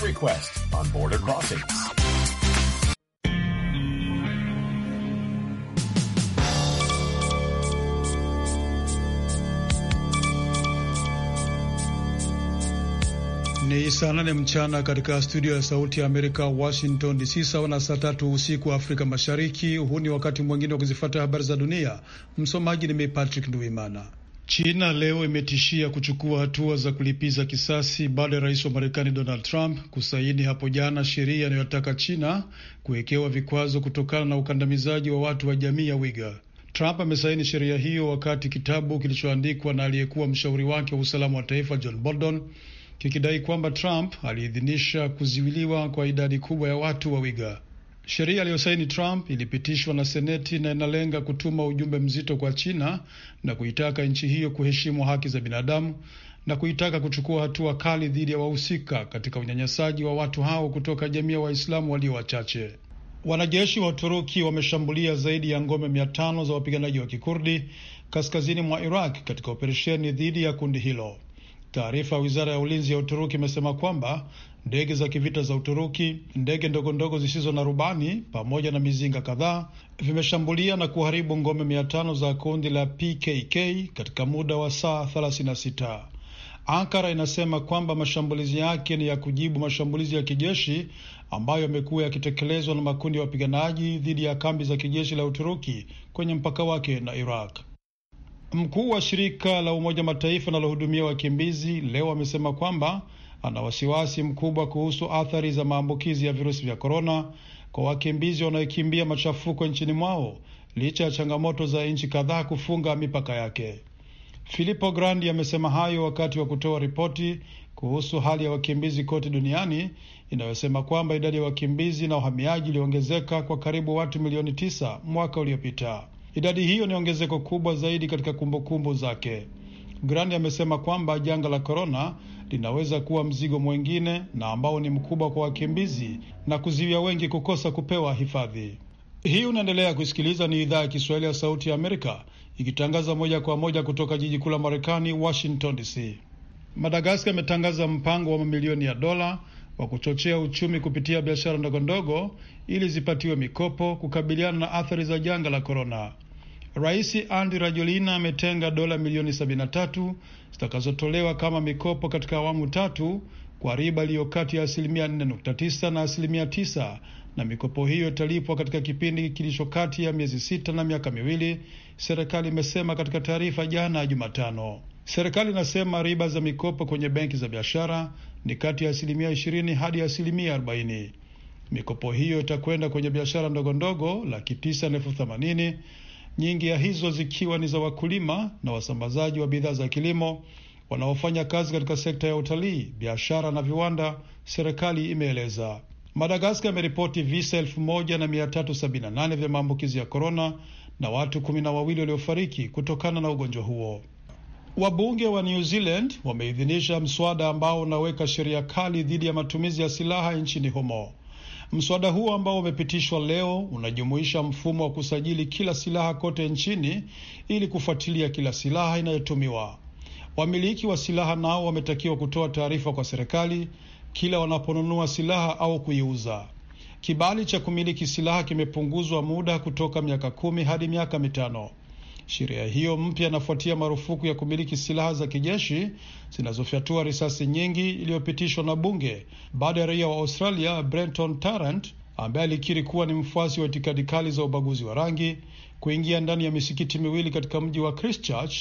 My Request on Border Crossings. Ni saa nane mchana katika studio ya Sauti ya Amerika, Washington DC, sawa na saa tatu usiku wa Afrika Mashariki. Huu ni wakati mwingine wa kuzifata habari za dunia. Msomaji ni mimi Patrick Nduimana. China leo imetishia kuchukua hatua za kulipiza kisasi baada ya rais wa Marekani Donald Trump kusaini hapo jana sheria inayotaka China kuwekewa vikwazo kutokana na ukandamizaji wa watu wa jamii ya Wiga. Trump amesaini sheria hiyo wakati kitabu kilichoandikwa na aliyekuwa mshauri wake wa usalama wa taifa John Bolton kikidai kwamba Trump aliidhinisha kuziwiliwa kwa idadi kubwa ya watu wa Wiga. Sheria aliyosaini Trump ilipitishwa na Seneti na inalenga kutuma ujumbe mzito kwa China na kuitaka nchi hiyo kuheshimu haki za binadamu na kuitaka kuchukua hatua kali dhidi ya wahusika katika unyanyasaji wa watu hao kutoka jamii ya Waislamu walio wachache. Wanajeshi wa Uturuki wameshambulia zaidi ya ngome mia tano za wapiganaji wa Kikurdi kaskazini mwa Iraq katika operesheni dhidi ya kundi hilo. Taarifa ya wizara ya ulinzi ya Uturuki imesema kwamba ndege za kivita za Uturuki, ndege ndogondogo zisizo na rubani pamoja na mizinga kadhaa vimeshambulia na kuharibu ngome mia tano za kundi la PKK katika muda wa saa 36. Ankara inasema kwamba mashambulizi yake ni ya kujibu mashambulizi ya kijeshi ambayo yamekuwa yakitekelezwa na makundi ya wapiganaji dhidi ya kambi za kijeshi la Uturuki kwenye mpaka wake na Iraq. Mkuu wa shirika la Umoja Mataifa linalohudumia wakimbizi leo amesema kwamba ana wasiwasi mkubwa kuhusu athari za maambukizi ya virusi vya korona kwa wakimbizi wanaokimbia machafuko nchini mwao licha ya changamoto za nchi kadhaa kufunga mipaka yake. Filippo Grandi amesema hayo wakati wa kutoa ripoti kuhusu hali ya wakimbizi kote duniani inayosema kwamba idadi ya wakimbizi na uhamiaji iliongezeka kwa karibu watu milioni tisa mwaka uliopita. Idadi hiyo ni ongezeko kubwa zaidi katika kumbukumbu zake. Grandi amesema kwamba janga la korona linaweza kuwa mzigo mwingine na ambao ni mkubwa kwa wakimbizi na kuziwia wengi kukosa kupewa hifadhi. Hii unaendelea kusikiliza, ni idhaa ya Kiswahili ya Sauti ya Amerika ikitangaza moja kwa moja kutoka jiji kuu la Marekani, Washington DC. Madagaskar ametangaza mpango wa mamilioni ya dola wa kuchochea uchumi kupitia biashara ndogondogo ili zipatiwe mikopo kukabiliana na athari za janga la korona. Rais Andry Rajoelina ametenga dola milioni 73 zitakazotolewa kama mikopo katika awamu tatu kwa riba iliyo kati ya asilimia 4.9 na asilimia 9, na mikopo hiyo italipwa katika kipindi kilicho kati ya miezi sita na miaka miwili, serikali imesema katika taarifa jana Jumatano. Serikali inasema riba za mikopo kwenye benki za biashara ni kati ya asilimia 20 hadi asilimia 40. Mikopo hiyo itakwenda kwenye biashara ndogondogo laki tisa na elfu themanini nyingi ya hizo zikiwa ni za wakulima na wasambazaji wa bidhaa za kilimo wanaofanya kazi katika sekta ya utalii, biashara na viwanda, serikali imeeleza. Madagaskar imeripoti visa elfu moja na mia tatu sabini na nane vya maambukizi ya korona na watu kumi na wawili waliofariki kutokana na ugonjwa huo. Wabunge wa New Zealand wameidhinisha mswada ambao unaweka sheria kali dhidi ya matumizi ya silaha nchini humo. Mswada huo ambao umepitishwa leo unajumuisha mfumo wa kusajili kila silaha kote nchini ili kufuatilia kila silaha inayotumiwa. Wamiliki wa silaha nao wametakiwa kutoa taarifa kwa serikali kila wanaponunua silaha au kuiuza. Kibali cha kumiliki silaha kimepunguzwa muda kutoka miaka kumi hadi miaka mitano. Sheria hiyo mpya inafuatia marufuku ya kumiliki silaha za kijeshi zinazofyatua risasi nyingi iliyopitishwa na bunge baada ya raia wa Australia Brenton Tarrant ambaye alikiri kuwa ni mfuasi wa itikadi kali za ubaguzi wa rangi kuingia ndani ya misikiti miwili katika mji wa Christchurch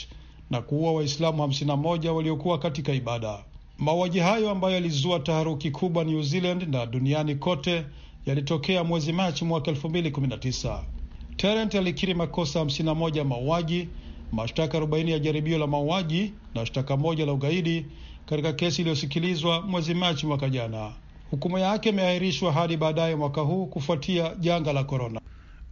na kuua Waislamu 51 waliokuwa katika ibada. Mauaji hayo ambayo yalizua taharuki kubwa New Zealand na duniani kote yalitokea mwezi Machi mwaka 2019. Tarrant alikiri makosa 51 mauaji, mashtaka 40 ya jaribio la mauaji na shtaka moja la ugaidi katika kesi iliyosikilizwa mwezi Machi mwaka jana. Hukumu yake imeahirishwa hadi baadaye mwaka huu kufuatia janga la korona.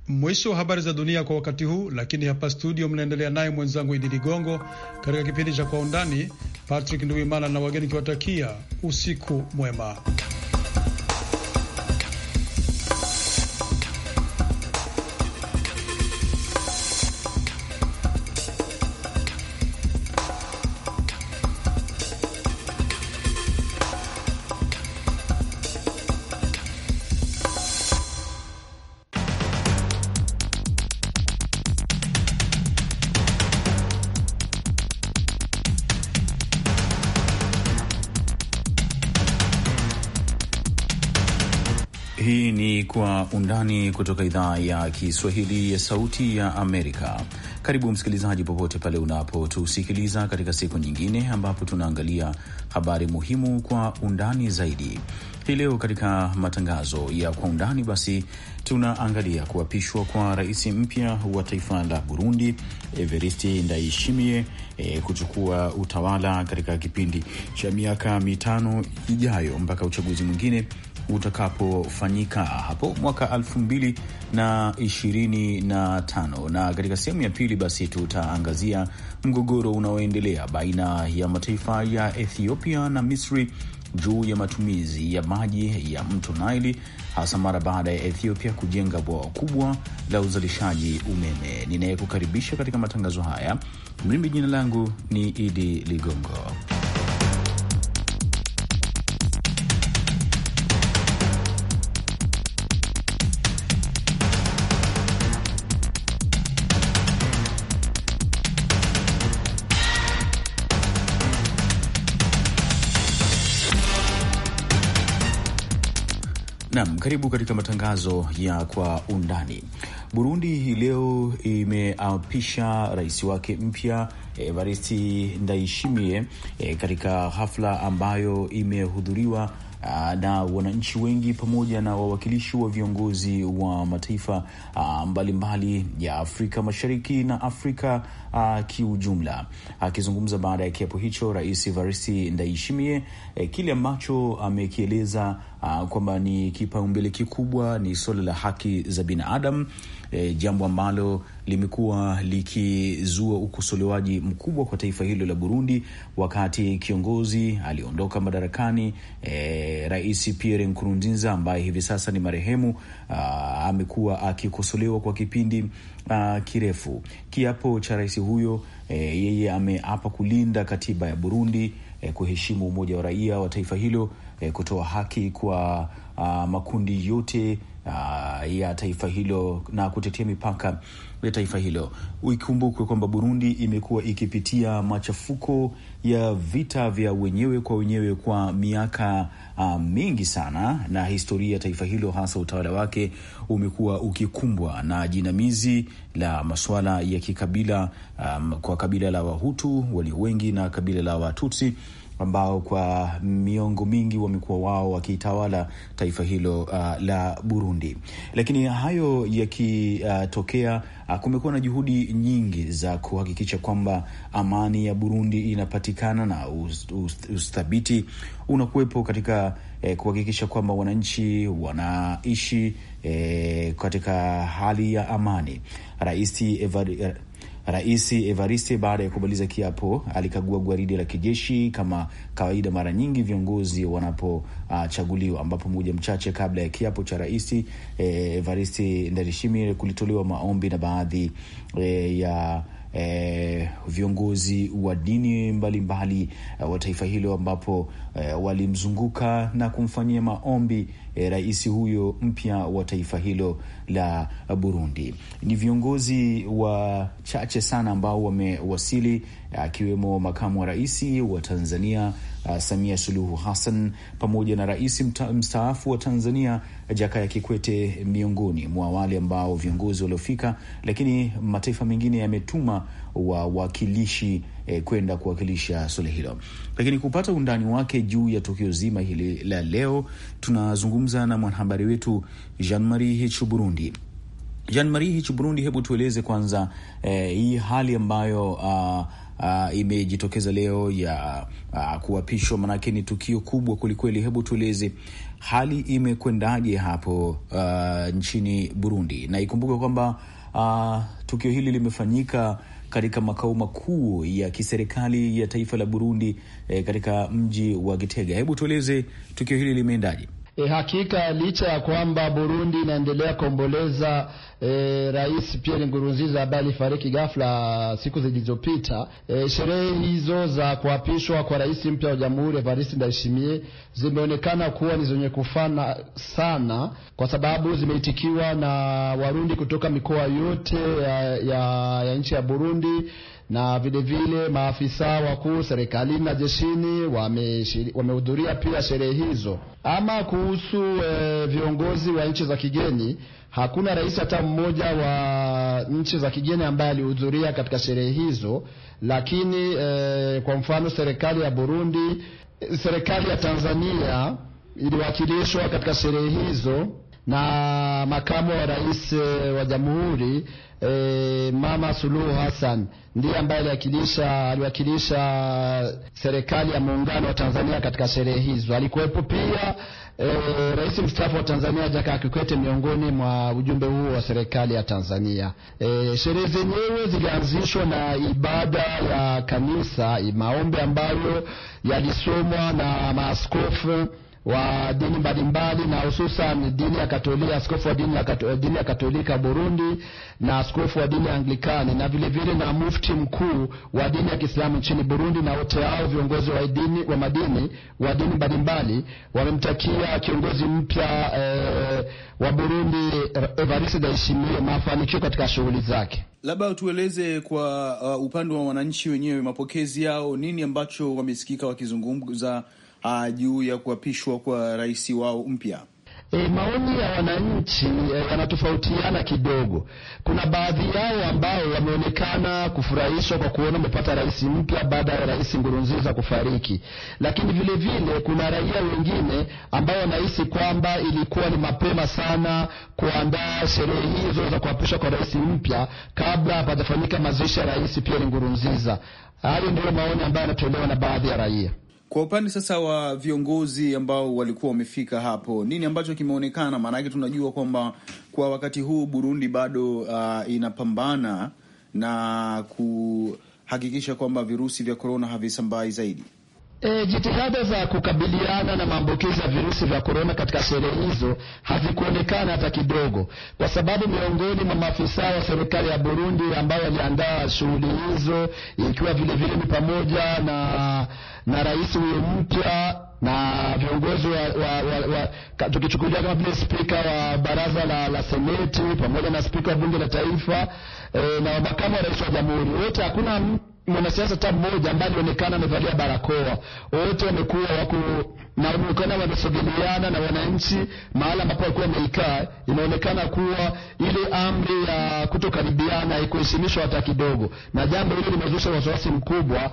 Mwisho wa habari za dunia kwa wakati huu, lakini hapa studio mnaendelea naye mwenzangu Idi Ligongo katika kipindi cha Kwa Undani. Patrick Nduwimana na wageni kiwatakia usiku mwema. undani kutoka idhaa ya Kiswahili ya Sauti ya Amerika. Karibu msikilizaji, popote pale unapotusikiliza katika siku nyingine ambapo tunaangalia habari muhimu kwa undani zaidi. Hii leo katika matangazo ya kwa undani, basi tunaangalia kuapishwa kwa rais mpya wa taifa la Burundi, Everisti Ndaishimie, e, kuchukua utawala katika kipindi cha miaka mitano ijayo mpaka uchaguzi mwingine utakapofanyika hapo mwaka elfu mbili na ishirini na tano. Na katika sehemu ya pili basi tutaangazia mgogoro unaoendelea baina ya mataifa ya Ethiopia na Misri juu ya matumizi ya maji ya mto Naili hasa mara baada ya Ethiopia kujenga bwawa kubwa la uzalishaji umeme. Ninayekukaribisha katika matangazo haya, mimi jina langu ni Idi Ligongo. Karibu katika matangazo ya kwa undani. Burundi hii leo imeapisha rais wake mpya Evaristi Ndayishimiye eh, katika hafla ambayo imehudhuriwa Ah, na wananchi wengi pamoja na wawakilishi wa viongozi wa mataifa ah, mbalimbali mbali ya Afrika Mashariki na Afrika uh, kiujumla. Akizungumza baada ya kiapo hicho, Rais Evariste Ndayishimiye eh, kile ambacho amekieleza uh, kwamba ni kipaumbele kikubwa ni suala la haki za binadamu eh, jambo ambalo limekuwa likizua ukosolewaji mkubwa kwa taifa hilo la Burundi, wakati kiongozi aliondoka madarakani e, Rais Pierre Nkurunziza ambaye hivi sasa ni marehemu, ah, amekuwa akikosolewa kwa kipindi a, ah, kirefu. Kiapo cha rais huyo e, yeye ameapa kulinda katiba ya Burundi, e, kuheshimu umoja wa raia wa taifa hilo e, kutoa haki kwa a, ah, makundi yote a, ah, ya taifa hilo na kutetea mipaka ya taifa hilo. Ikumbukwe kwamba Burundi imekuwa ikipitia machafuko ya vita vya wenyewe kwa wenyewe kwa miaka uh, mingi sana, na historia ya taifa hilo hasa utawala wake umekuwa ukikumbwa na jinamizi la masuala ya kikabila um, kwa kabila la Wahutu walio wengi na kabila la Watutsi ambao kwa miongo mingi wamekuwa wao wakitawala taifa hilo uh, la Burundi. Lakini hayo yakitokea, uh, uh, kumekuwa na juhudi nyingi za kuhakikisha kwamba amani ya Burundi inapatikana na uthabiti unakuwepo katika eh, kuhakikisha kwamba wananchi wanaishi eh, katika hali ya amani. Rais Rais Evariste baada ya kumaliza kiapo alikagua gwaridi la kijeshi kama kawaida, mara nyingi viongozi wanapochaguliwa, uh, ambapo muda mchache kabla ya kiapo cha rais eh, Evariste Ndarishimi kulitolewa maombi na baadhi eh, ya eh, viongozi wa dini mbalimbali eh, wa taifa hilo ambapo eh, walimzunguka na kumfanyia maombi eh, rais huyo mpya wa taifa hilo la Burundi. Ni viongozi wachache sana ambao wamewasili, akiwemo makamu wa rais wa Tanzania uh, Samia Suluhu Hassan pamoja na rais mstaafu wa Tanzania Jakaya Kikwete miongoni mwa wale ambao viongozi waliofika, lakini mataifa mengine yametuma wawakilishi eh, kwenda kuwakilisha suala hilo. Lakini kupata undani wake juu ya tukio zima hili la leo, tunazungumza na mwanahabari wetu Jean Marie Hich Burundi. Jean Marie Hich Burundi, hebu tueleze kwanza eh, hii hali ambayo uh, uh, imejitokeza leo ya uh, kuapishwa, maanake ni tukio kubwa kwelikweli. Hebu tueleze hali imekwendaje hapo uh, nchini Burundi, na ikumbuke kwamba uh, tukio hili limefanyika katika makao makuu ya kiserikali ya taifa la Burundi eh, katika mji wa Gitega. Hebu tueleze tukio hili limeendaje? E, hakika licha ya kwamba Burundi inaendelea kuomboleza e, Rais Pierre Nkurunziza ambaye alifariki ghafla siku zilizopita, e, sherehe hizo za kuapishwa kwa rais mpya wa Jamhuri Evariste Ndayishimiye zimeonekana kuwa ni zenye kufana sana, kwa sababu zimeitikiwa na Warundi kutoka mikoa yote ya, ya, ya nchi ya Burundi na vilevile maafisa wakuu serikalini na jeshini wamehudhuria wame pia sherehe hizo. Ama kuhusu e, viongozi wa nchi za kigeni, hakuna rais hata mmoja wa nchi za kigeni ambaye alihudhuria katika sherehe hizo, lakini e, kwa mfano serikali ya Burundi, eh, serikali ya Tanzania iliwakilishwa katika sherehe hizo na makamu wa rais eh, wa jamhuri e, Mama Suluhu Hassan ndiye ambaye aliwakilisha aliwakilisha serikali ya muungano wa Tanzania katika sherehe hizo. Alikuwepo pia e, rais mstaafu wa Tanzania Jakaya Kikwete miongoni mwa ujumbe huo wa serikali ya Tanzania. E, sherehe zenyewe zilianzishwa na ibada ya kanisa, maombi ambayo yalisomwa na maaskofu wa dini mbalimbali na hususan dini ya Katoliki, askofu wa dini ya, Katoliki, dini ya Katolika Burundi na askofu wa dini ya Anglikani na vile vile na mufti mkuu wa dini ya Kiislamu nchini Burundi, na wote hao viongozi wa dini wa madini wa dini mbalimbali wamemtakia kiongozi mpya e, wa Burundi Evariste Ndayishimiye mafanikio katika shughuli zake. Labda tueleze kwa uh, upande wa wananchi wenyewe, mapokezi yao, nini ambacho wamesikika wakizungumza uh, juu ya kuapishwa kwa rais wao mpya. E, maoni ya wananchi e, yanatofautiana kidogo. Kuna baadhi yao ambao wameonekana kufurahishwa kwa kuona umepata rais mpya baada ya rais Ngurunziza kufariki, lakini vile vile kuna raia wengine ambao wanahisi kwamba ilikuwa ni mapema sana kuandaa sherehe hizo za kuapishwa kwa rais mpya kabla hapajafanyika mazishi ya rais Pierre Ngurunziza. Hayo ndio maoni ambayo yanatolewa na baadhi ya raia. Kwa upande sasa wa viongozi ambao walikuwa wamefika hapo, nini ambacho kimeonekana? Maanake tunajua kwamba kwa wakati huu Burundi bado uh, inapambana na kuhakikisha kwamba virusi vya korona havisambai zaidi. E, jitihada za kukabiliana na maambukizi ya virusi vya korona katika sherehe hizo hazikuonekana hata kidogo, kwa sababu miongoni mwa maafisa wa serikali ya Burundi ambao waliandaa shughuli hizo ikiwa vilevile ni pamoja na, na rais huyo mpya na viongozi wa, wa, wa, wa tukichukulia kama vile spika wa baraza la, la seneti pamoja na spika wa bunge la taifa e, na makamu wa rais wa jamhuri wote hakuna mwanasiasa ta mmoja ambaye alionekana amevalia barakoa. Wote wamekuwa wako na wameonekana wanasogeleana na wananchi mahala ambapo walikuwa wameikaa. Inaonekana kuwa ile amri ya kutokaribiana haikuheshimishwa hata kidogo, na jambo hilo limezusha wasiwasi mkubwa,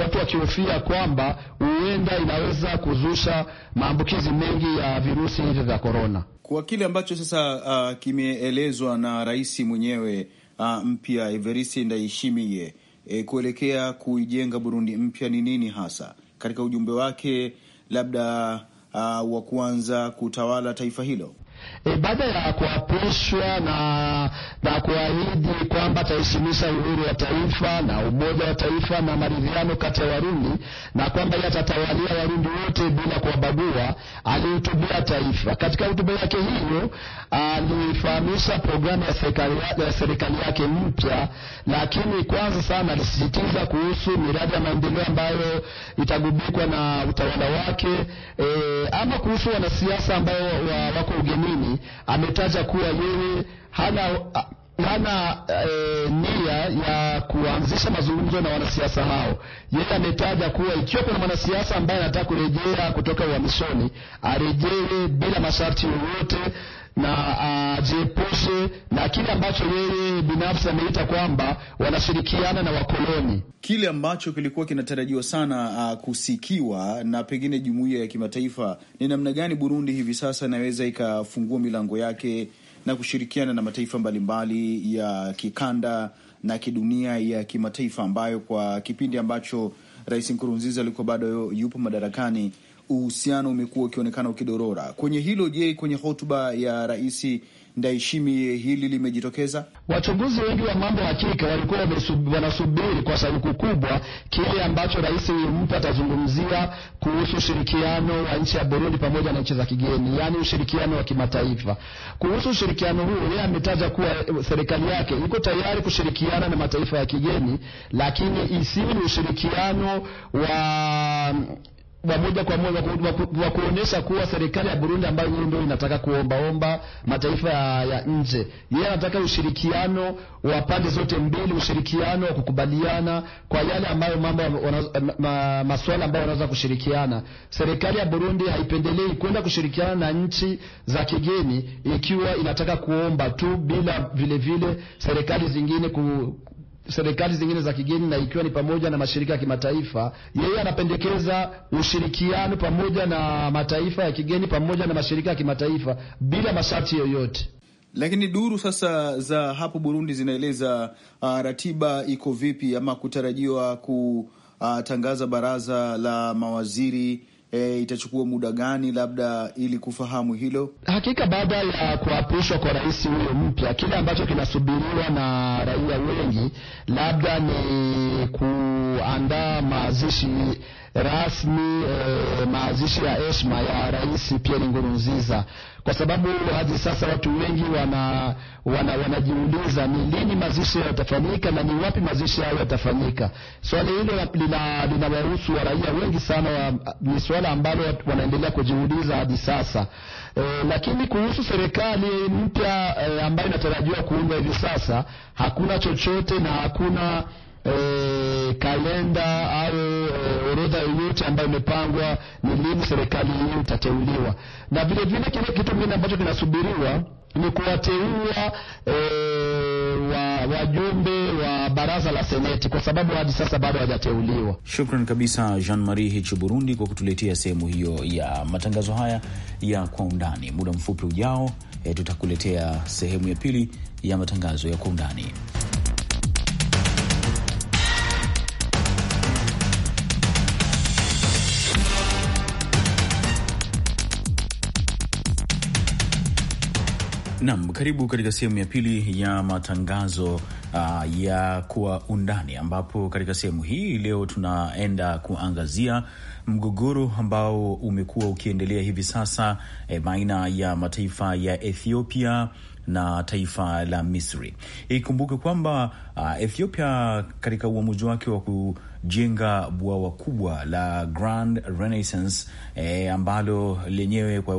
watu wakihofia kwamba huenda inaweza kuzusha maambukizi mengi ya virusi hivi vya korona, kwa kile ambacho sasa uh, kimeelezwa na rais mwenyewe uh, mpya Evariste Ndayishimiye e, kuelekea kuijenga Burundi mpya ni nini hasa katika ujumbe wake labda uh, wa kuanza kutawala taifa hilo? E, baada ya kuapishwa na na kuahidi kwamba ataheshimisha uhuru wa taifa na umoja wa taifa na maridhiano kati ya Warundi na kwamba yeye atatawalia Warundi wote bila kuwabagua, alihutubia taifa. Katika hotuba yake hiyo alifahamisha programu ya serikali ya serikali yake mpya, lakini kwanza sana alisisitiza kuhusu miradi ya maendeleo ambayo itagubikwa na utawala wake e, ama kuhusu wanasiasa ambao wako ugenini ishirini ametaja kuwa yeye hana hana e, nia ya kuanzisha mazungumzo na wanasiasa hao. Yeye ametaja kuwa ikiwa kuna mwanasiasa ambaye anataka kurejea kutoka uhamishoni arejee bila masharti yoyote na ah, ajiepushe na kile ambacho yeye binafsi ameita kwamba wanashirikiana na wakoloni, kile ambacho kilikuwa kinatarajiwa sana uh, kusikiwa na pengine jumuiya ya kimataifa. Ni namna gani Burundi hivi sasa inaweza ikafungua milango yake na kushirikiana na mataifa mbalimbali ya kikanda na kidunia ya kimataifa ambayo kwa kipindi ambacho Rais Nkurunziza alikuwa bado yupo madarakani uhusiano umekuwa ukionekana ukidorora. Kwenye hilo, je, kwenye hotuba ya rais Ndayishimiye hili limejitokeza. Wachunguzi wengi wa mambo hakika walikuwa wanasubiri kwa sauku kubwa kile ambacho rais mpya atazungumzia kuhusu ushirikiano wa nchi ya Burundi pamoja na nchi za kigeni, yaani ushirikiano wa kimataifa. Kuhusu ushirikiano huo, yeye ametaja kuwa eh, serikali yake iko tayari kushirikiana na mataifa ya kigeni, lakini isiwe ni ushirikiano wa wa moja kwa moja wa kuonyesha kuwa serikali ya Burundi ambayo yeye ndio inataka kuombaomba mataifa ya, ya nje, yeye anataka ushirikiano wa pande zote mbili, ushirikiano wa kukubaliana kwa yale ambayo mambo ma, masuala ambayo wanaweza kushirikiana. Serikali ya Burundi haipendelei kwenda kushirikiana na nchi za kigeni ikiwa inataka kuomba tu bila vile vile serikali zingine ku, serikali zingine za kigeni na ikiwa ni pamoja na mashirika ya kimataifa. Yeye anapendekeza ushirikiano pamoja na mataifa ya kigeni pamoja na mashirika ya kimataifa bila masharti yoyote. Lakini duru sasa za hapo Burundi zinaeleza uh, ratiba iko vipi ama kutarajiwa kutangaza baraza la mawaziri e, itachukua muda gani labda ili kufahamu hilo? Hakika baada ya kuapishwa kwa rais huyo mpya, kile ambacho kinasubiriwa na raia wengi labda ni kuandaa mazishi rasmi e, mazishi ya heshima ya Rais Pierre Nkurunziza, kwa sababu hadi sasa watu wengi wana, wana, wanajiuliza ni lini mazishi hayo yatafanyika na ni wapi mazishi hayo yatafanyika. Swali hilo linawahusu raia wengi sana wa, ni swala ambalo wanaendelea kujiuliza hadi sasa e, lakini kuhusu serikali mpya e, ambayo inatarajiwa kuundwa hivi sasa hakuna chochote na hakuna e, kalenda au e, orodha yoyote ambayo imepangwa ni lini serikali hii itateuliwa, na vile vile kile kitu kingine ambacho kinasubiriwa ni kuwateua e, wa, wajumbe wa baraza la seneti kwa sababu hadi sasa bado hawajateuliwa. Shukran kabisa Jean Marie Hichi Burundi kwa kutuletea sehemu hiyo ya matangazo haya ya kwa undani. Muda mfupi ujao e, tutakuletea sehemu ya pili ya matangazo ya kwa undani. Nam, karibu katika sehemu ya pili ya matangazo uh, ya kwa undani, ambapo katika sehemu hii leo tunaenda kuangazia mgogoro ambao umekuwa ukiendelea hivi sasa eh, baina ya mataifa ya Ethiopia na taifa la Misri. Ikumbuke kwamba uh, Ethiopia katika uamuzi wake wa kujenga bwawa kubwa la Grand Renaissance e, ambalo lenyewe kwa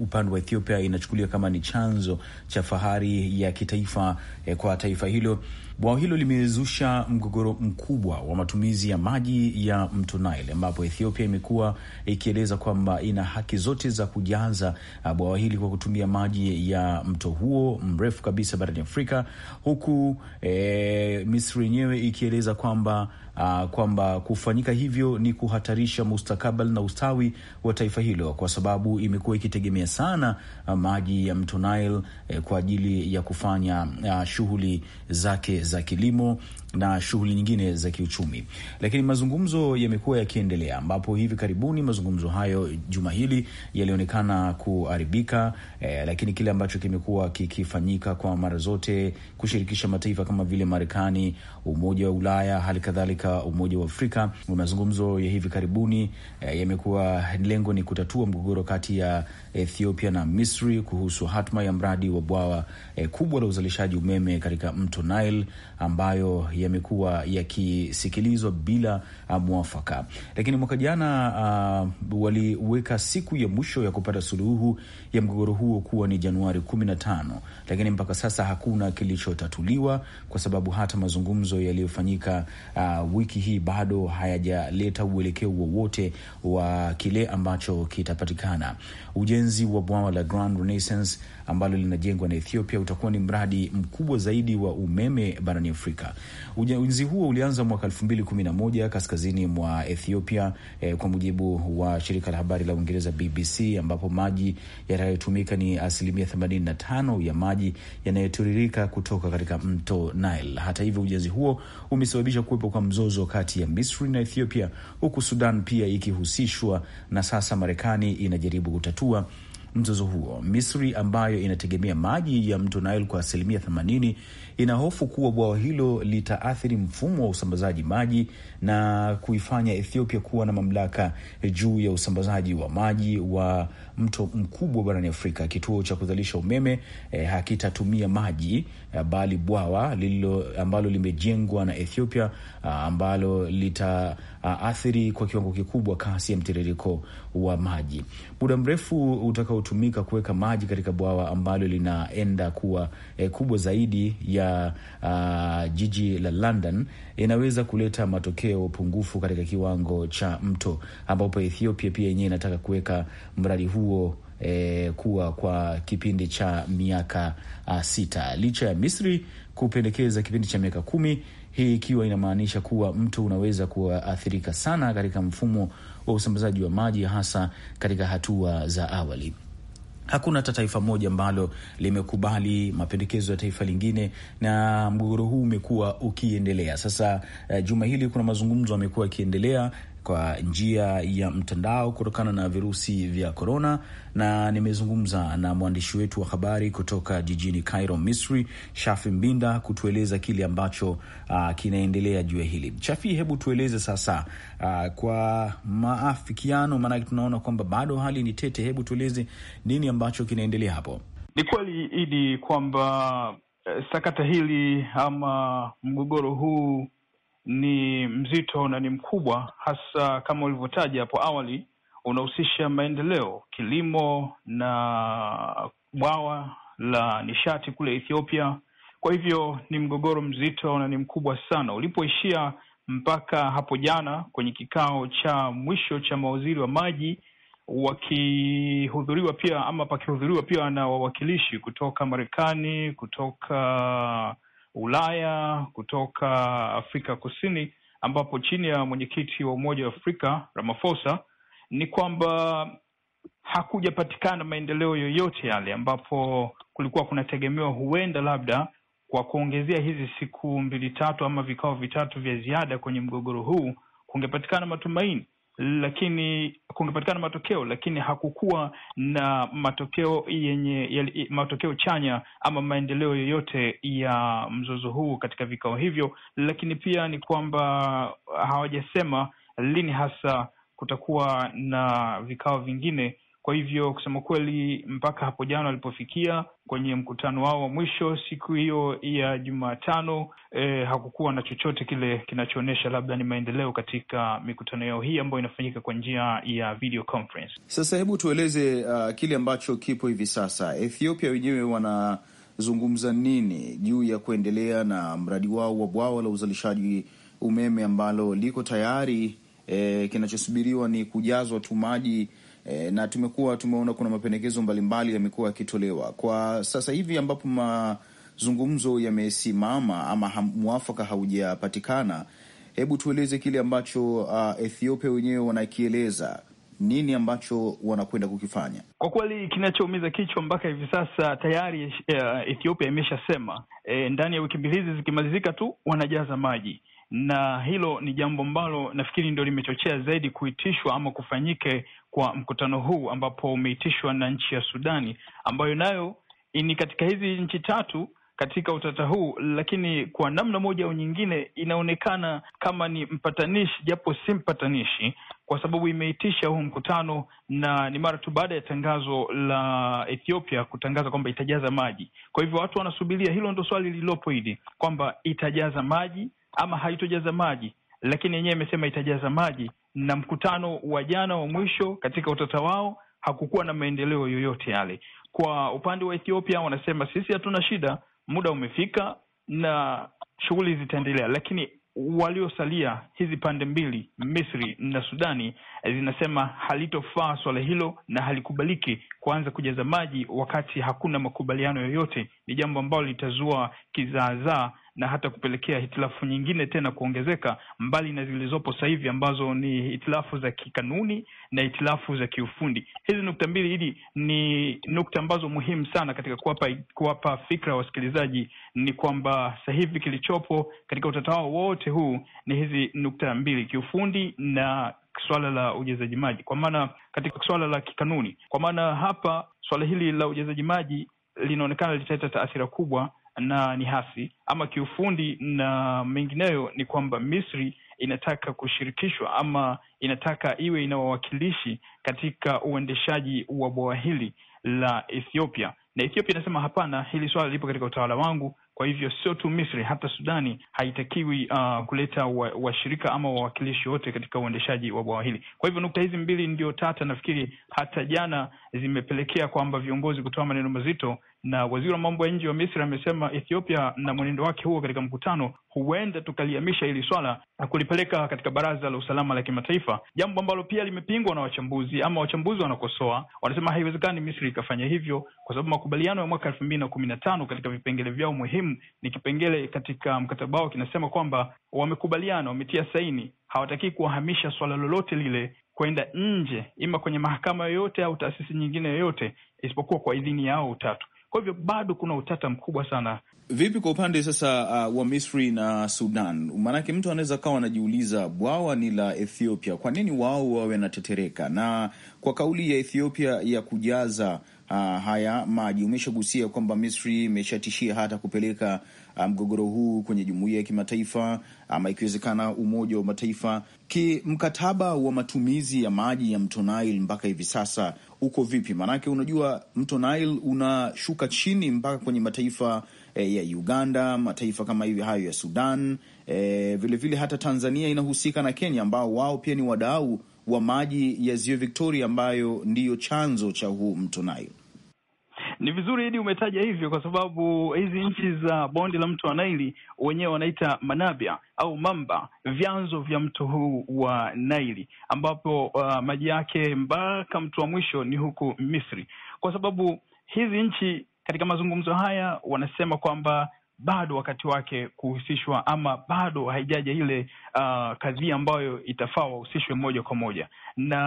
upande wa Ethiopia inachukuliwa kama ni chanzo cha fahari ya kitaifa e, kwa taifa hilo Bwawa hilo limezusha mgogoro mkubwa wa matumizi ya maji ya mto Nile, ambapo Ethiopia imekuwa ikieleza kwamba ina haki zote za kujaza uh, bwawa hili kwa kutumia maji ya mto huo mrefu kabisa barani Afrika, huku e, Misri yenyewe ikieleza kwamba Uh, kwamba kufanyika hivyo ni kuhatarisha mustakabali na ustawi wa taifa hilo kwa sababu imekuwa ikitegemea sana uh, maji ya mto Nile eh, kwa ajili ya kufanya uh, shughuli zake za kilimo na shughuli nyingine za kiuchumi, lakini mazungumzo yamekuwa yakiendelea, ambapo hivi karibuni mazungumzo hayo juma hili yalionekana kuharibika, eh, lakini kile ambacho kimekuwa kikifanyika kwa mara zote kushirikisha mataifa kama vile Marekani, Umoja wa Ulaya, hali kadhalika Umoja wa Afrika. Mazungumzo ya hivi karibuni eh, yamekuwa lengo ni kutatua mgogoro kati ya Ethiopia na Misri kuhusu hatma ya mradi wa bwawa eh, kubwa la uzalishaji umeme katika mto Nile ambayo ya yamekuwa yakisikilizwa bila ah, mwafaka, lakini mwaka jana uh, waliweka siku ya mwisho ya kupata suluhu ya mgogoro huo kuwa ni Januari 15, lakini mpaka sasa hakuna kilichotatuliwa kwa sababu hata mazungumzo yaliyofanyika uh, wiki hii bado hayajaleta uelekeo wowote wa kile ambacho kitapatikana. Ujenzi wa bwawa la Grand Renaissance ambalo linajengwa na Ethiopia utakuwa ni mradi mkubwa zaidi wa umeme barani Afrika. Ujenzi huo ulianza mwaka moja kaskazini mwa Ethiopia eh, kwa mujibu wa shirika la habari la Uingereza BBC, ambapo maji yanayotumika ni asilimia 85 ya maji yanayotiririka kutoka katika mto Nile. Hata hivyo, ujenzi huo umesababisha kuwepo kwa mzozo kati ya Misri na Ethiopia, huku Sudan pia ikihusishwa, na sasa Marekani inajaribu kutatua mzozo huo. Misri ambayo inategemea maji ya mto Nile kwa asilimia themanini inahofu kuwa bwawa hilo litaathiri mfumo wa usambazaji maji na kuifanya Ethiopia kuwa na mamlaka juu ya usambazaji wa maji wa mto mkubwa barani Afrika. Kituo cha kuzalisha umeme eh, hakitatumia maji eh, bali bwawa lililo ambalo limejengwa na Ethiopia ah, ambalo litaathiri ah, kwa kiwango kikubwa kasi ya mtiririko wa maji. Muda mrefu utakaotumika kuweka maji katika bwawa ambalo linaenda kuwa eh, kubwa zaidi ya uh, jiji la London inaweza kuleta matokeo pungufu katika kiwango cha mto, ambapo Ethiopia pia yenyewe inataka kuweka mradi huo eh, kuwa kwa kipindi cha miaka uh, sita, licha ya Misri kupendekeza kipindi cha miaka kumi, hii ikiwa inamaanisha kuwa mto unaweza kuathirika sana katika mfumo wa usambazaji wa maji, hasa katika hatua za awali. Hakuna hata taifa moja ambalo limekubali mapendekezo ya taifa lingine, na mgogoro huu umekuwa ukiendelea sasa. Uh, juma hili kuna mazungumzo amekuwa akiendelea kwa njia ya mtandao kutokana na virusi vya korona, na nimezungumza na mwandishi wetu wa habari kutoka jijini Cairo, Misri, Shafi Mbinda, kutueleza kile ambacho uh, kinaendelea juu ya hili. Shafi, hebu tueleze sasa, uh, kwa maafikiano, maanake tunaona kwamba bado hali ni tete. Hebu tueleze nini ambacho kinaendelea hapo. Ni kweli Idi kwamba eh, sakata hili ama mgogoro huu ni mzito na ni mkubwa, hasa kama ulivyotaja hapo awali, unahusisha maendeleo, kilimo na bwawa la nishati kule Ethiopia. Kwa hivyo ni mgogoro mzito na ni mkubwa sana. Ulipoishia mpaka hapo jana kwenye kikao cha mwisho cha mawaziri wa maji wakihudhuriwa pia ama pakihudhuriwa pia na wawakilishi kutoka Marekani, kutoka Ulaya, kutoka Afrika Kusini, ambapo chini ya mwenyekiti wa Umoja wa Afrika Ramaphosa, ni kwamba hakujapatikana maendeleo yoyote yale, ambapo kulikuwa kunategemewa huenda labda kwa kuongezea hizi siku mbili tatu ama vikao vitatu vya ziada kwenye mgogoro huu kungepatikana matumaini lakini kungepatikana matokeo, lakini hakukuwa na matokeo yenye yali, matokeo chanya ama maendeleo yoyote ya mzozo huu katika vikao hivyo. Lakini pia ni kwamba hawajasema lini hasa kutakuwa na vikao vingine kwa hivyo kusema kweli, mpaka hapo jana walipofikia kwenye mkutano wao wa mwisho siku hiyo ya Jumatano, e, hakukuwa na chochote kile kinachoonyesha labda ni maendeleo katika mikutano yao hii ambayo inafanyika kwa njia ya video conference. Sasa hebu tueleze uh, kile ambacho kipo hivi sasa. Ethiopia wenyewe wanazungumza nini juu ya kuendelea na mradi wao wa bwawa la uzalishaji umeme ambalo liko tayari, e, kinachosubiriwa ni kujazwa tu maji e, na tumekuwa tumeona kuna mapendekezo mbalimbali yamekuwa yakitolewa kwa sasa hivi ambapo mazungumzo yamesimama ama ha, mwafaka haujapatikana. Hebu tueleze kile ambacho uh, Ethiopia wenyewe wanakieleza nini ambacho wanakwenda kukifanya. Kwa kweli kinachoumiza kichwa mpaka hivi sasa tayari uh, Ethiopia imeshasema e, ndani ya wiki mbili hizi zikimalizika tu wanajaza maji na hilo ni jambo ambalo nafikiri ndio limechochea zaidi kuitishwa ama kufanyike kwa mkutano huu ambapo umeitishwa na nchi ya Sudani ambayo nayo ni katika hizi nchi tatu katika utata huu, lakini kwa namna moja au nyingine inaonekana kama ni mpatanishi, japo si mpatanishi, kwa sababu imeitisha huu mkutano, na ni mara tu baada ya tangazo la Ethiopia kutangaza kwamba itajaza maji. Kwa hivyo watu wanasubiria, hilo ndo swali lililopo, hili kwamba itajaza maji ama haitojaza maji, lakini yenyewe imesema itajaza maji na mkutano wa jana wa mwisho katika utata wao hakukuwa na maendeleo yoyote yale. Kwa upande wa Ethiopia wanasema sisi hatuna shida, muda umefika na shughuli zitaendelea, lakini waliosalia hizi pande mbili, Misri na Sudani, zinasema halitofaa swala hilo na halikubaliki kuanza kujaza maji wakati hakuna makubaliano yoyote. Ni jambo ambalo litazua kizaazaa na hata kupelekea hitilafu nyingine tena kuongezeka, mbali na zilizopo sasa hivi ambazo ni hitilafu za kikanuni na hitilafu za kiufundi. Hizi nukta mbili hili ni nukta ambazo muhimu sana katika kuwapa kuwapa fikra wasikilizaji ni kwamba sasa hivi kilichopo katika utatawao wote huu ni hizi nukta mbili, kiufundi na swala la ujezaji maji, kwa maana katika swala la kikanuni, kwa maana hapa swala hili la ujezaji maji linaonekana litaleta taathira kubwa na ni hasi ama kiufundi na mengineyo, ni kwamba Misri inataka kushirikishwa ama inataka iwe ina wawakilishi katika uendeshaji wa bwawa hili la Ethiopia, na Ethiopia inasema hapana, hili swala lipo katika utawala wangu kwa hivyo sio tu Misri, hata Sudani haitakiwi uh, kuleta washirika wa ama wawakilishi wote katika uendeshaji wa bwawa hili. Kwa hivyo nukta hizi mbili ndio tata, nafikiri hata jana zimepelekea kwamba viongozi kutoa maneno mazito, na waziri wa mambo ya nje wa Misri amesema Ethiopia na mwenendo wake huo katika mkutano, huenda tukaliamisha hili swala na kulipeleka katika Baraza la Usalama la Kimataifa, jambo ambalo pia limepingwa na wachambuzi ama wachambuzi wanakosoa, wanasema haiwezekani Misri ikafanya hivyo kwa sababu makubaliano ya mwaka elfu mbili na kumi na tano katika vipengele vyao muhimu muhimu ni kipengele katika mkataba wao kinasema kwamba wamekubaliana, wametia saini, hawataki kuwahamisha swala lolote lile kwenda nje, ima kwenye mahakama yoyote au taasisi nyingine yoyote, isipokuwa kwa idhini yao utatu. Kwa hivyo bado kuna utata mkubwa sana. Vipi kwa upande sasa uh, wa Misri na Sudan? Maanake mtu anaweza kawa anajiuliza bwawa ni la Ethiopia, kwa nini wao wawe wanatetereka? Na kwa kauli ya Ethiopia ya kujaza uh, haya maji. Umeshagusia kwamba Misri imeshatishia hata kupeleka ah, mgogoro um, huu kwenye jumuiya ya kimataifa ama ikiwezekana Umoja wa Mataifa. Kimkataba wa matumizi ya maji ya mto Nile mpaka hivi sasa uko vipi? Maanake unajua mto Nile unashuka chini mpaka kwenye mataifa e, ya Uganda, mataifa kama hivi hayo ya Sudan, vilevile eh, vile hata Tanzania inahusika na Kenya ambao wao pia ni wadau wa maji ya ziwa Victoria ambayo ndiyo chanzo cha huu mto Nile. Ni vizuri Idi umetaja hivyo kwa sababu hizi nchi za bonde la mto wa Naili wenyewe wanaita manabia au mamba, vyanzo vya mto huu wa Naili, ambapo uh, maji yake mpaka mtu wa mwisho ni huku Misri, kwa sababu hizi nchi katika mazungumzo haya wanasema kwamba bado wakati wake kuhusishwa ama bado haijaja ile uh, kadhia ambayo itafaa wahusishwe moja kwa moja, na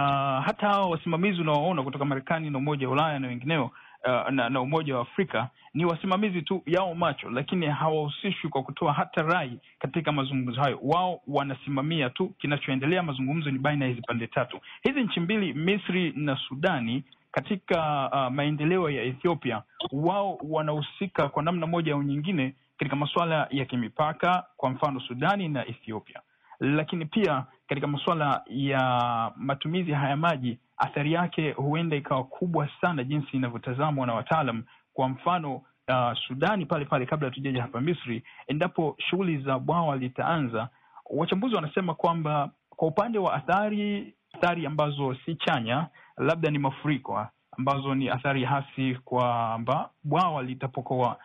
hata hawa wasimamizi unaoona kutoka Marekani na Umoja wa Ulaya na wengineo uh, na, na Umoja wa Afrika ni wasimamizi tu yao macho, lakini hawahusishwi kwa kutoa hata rai katika mazungumzo hayo. Wao wanasimamia tu kinachoendelea. Mazungumzo ni baina ya hizi pande tatu hizi, nchi mbili, Misri na Sudani katika uh, maendeleo ya Ethiopia, wao wanahusika kwa namna moja au nyingine katika masuala ya kimipaka, kwa mfano Sudani na Ethiopia, lakini pia katika masuala ya matumizi haya maji, athari yake huenda ikawa kubwa sana jinsi inavyotazamwa na wataalam. Kwa mfano uh, Sudani pale pale, kabla hatujaja hapa Misri, endapo shughuli za bwawa litaanza, wachambuzi wanasema kwamba kwa upande wa athari athari ambazo si chanya, labda ni mafuriko ambazo ni athari hasi, kwamba bwawa litapokoa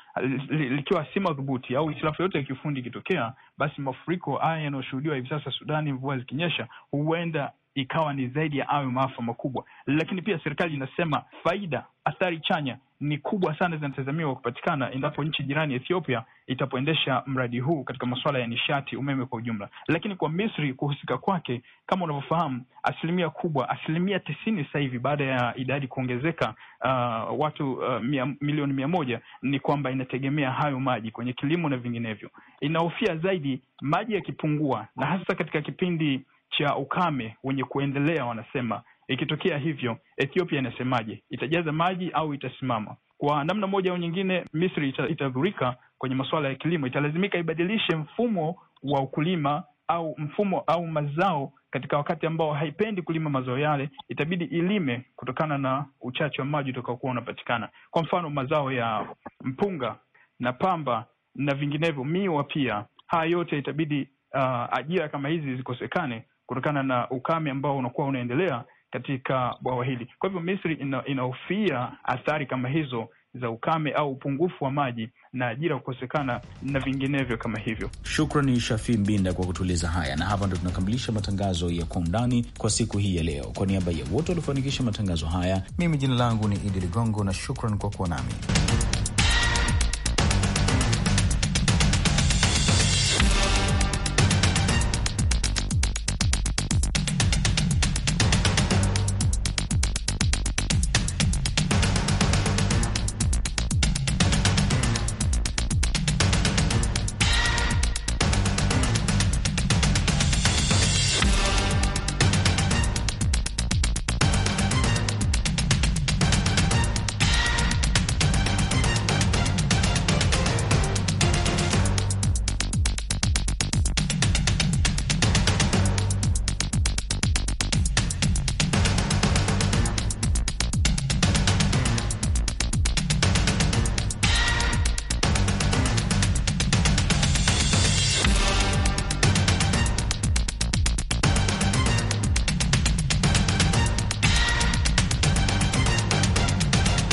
likiwa si madhubuti au hitilafu yote ya kiufundi ikitokea, basi mafuriko haya yanayoshuhudiwa hivi sasa Sudani, mvua zikinyesha, huenda ikawa ni zaidi ya ayo maafa makubwa. Lakini pia serikali inasema faida, athari chanya ni kubwa sana zinatazamiwa kupatikana endapo nchi jirani Ethiopia itapoendesha mradi huu katika masuala ya nishati umeme kwa ujumla. Lakini kwa Misri kuhusika kwake, kama unavyofahamu, asilimia kubwa, asilimia tisini sasa hivi baada ya idadi kuongezeka uh, watu uh, mia, milioni mia moja, ni kwamba inategemea hayo maji kwenye kilimo na vinginevyo. Inahofia zaidi maji yakipungua, na hasa katika kipindi cha ukame wenye kuendelea wanasema ikitokea hivyo, Ethiopia inasemaje? Itajaza maji au itasimama? Kwa namna moja au nyingine, Misri itadhurika kwenye masuala ya kilimo, italazimika ibadilishe mfumo wa ukulima au mfumo au mazao katika wakati ambao haipendi kulima mazao yale, itabidi ilime kutokana na uchache wa maji utakaokuwa unapatikana. Kwa mfano, mazao ya mpunga na pamba na vinginevyo, miwa pia, haya yote itabidi uh, ajira kama hizi zikosekane kutokana na ukame ambao unakuwa unaendelea katika bwawa hili. Kwa hivyo Misri ina, inahofia athari kama hizo za ukame au upungufu wa maji na ajira kukosekana na vinginevyo kama hivyo. Shukrani shafi Mbinda kwa kutueleza haya, na hapa ndo tunakamilisha matangazo ya Kwa Undani kwa siku hii ya leo. Kwa niaba ya wote waliofanikisha matangazo haya, mimi jina langu ni Idi Ligongo na shukran kwa kuwa nami.